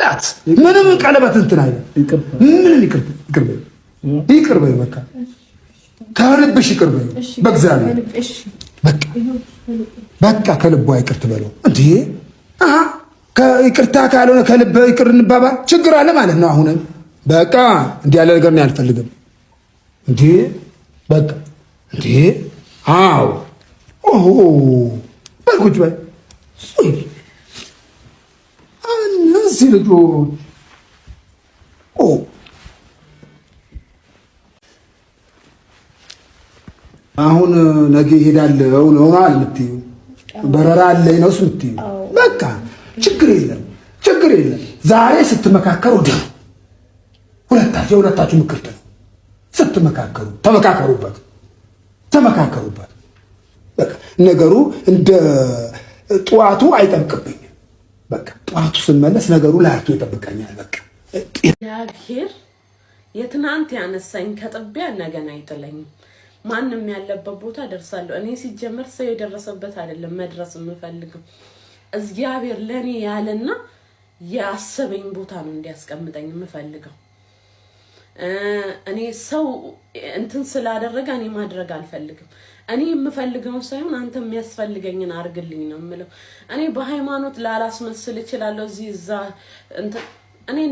ላት ምንም ቀለበት እንትን አይደል፣ ምንም ይቅር ይቅር በይው፣ በቃ ከልብሽ ይቅር በይው። በእግዚአብሔር በቃ በቃ ከልቧ ይቅር ትበለው እንዴ! አሃ ይቅርታ ካልሆነ ከልብ ይቅር እንባባል ችግር አለ ማለት ነው። አሁንም በቃ እንዲህ ያለ ነገር ነው አልፈልግም። እንዴ በቃ እንዴ! አዎ ኦሆ በል በይ እስኪ ልጁ አሁን ነገ ይሄዳለው ነው የምትዩ፣ በረራ አለኝ ነው የምትዩ። በቃ ችግር የለም ችግር የለም። ዛሬ ስትመካከሩ ወደ ሁለታችሁ የሁለታችሁ ምክር ነው። ስትመካከሩ ተመካከሩበት፣ ተመካከሩበት። በቃ ነገሩ እንደ ጠዋቱ አይጠብቅብኝ በቃ ጠዋቱ ስመለስ ነገሩ ላርቱ ይጠብቀኛል። በቃ እግዚአብሔር የትናንት ያነሳኝ ከጥቢያ ነገን አይጥለኝም። ማንም ያለበት ቦታ ደርሳለሁ። እኔ ሲጀመር ሰው የደረሰበት አይደለም መድረስ የምፈልግም። እግዚአብሔር ለእኔ ያለና ያሰበኝ ቦታ ነው እንዲያስቀምጠኝ የምፈልገው። እኔ ሰው እንትን ስላደረገ እኔ ማድረግ አልፈልግም። እኔ የምፈልገውን ሳይሆን አንተ የሚያስፈልገኝን አድርግልኝ ነው የምለው። እኔ በሃይማኖት ላላስመስል እችላለሁ እዚህ እዛ እኔ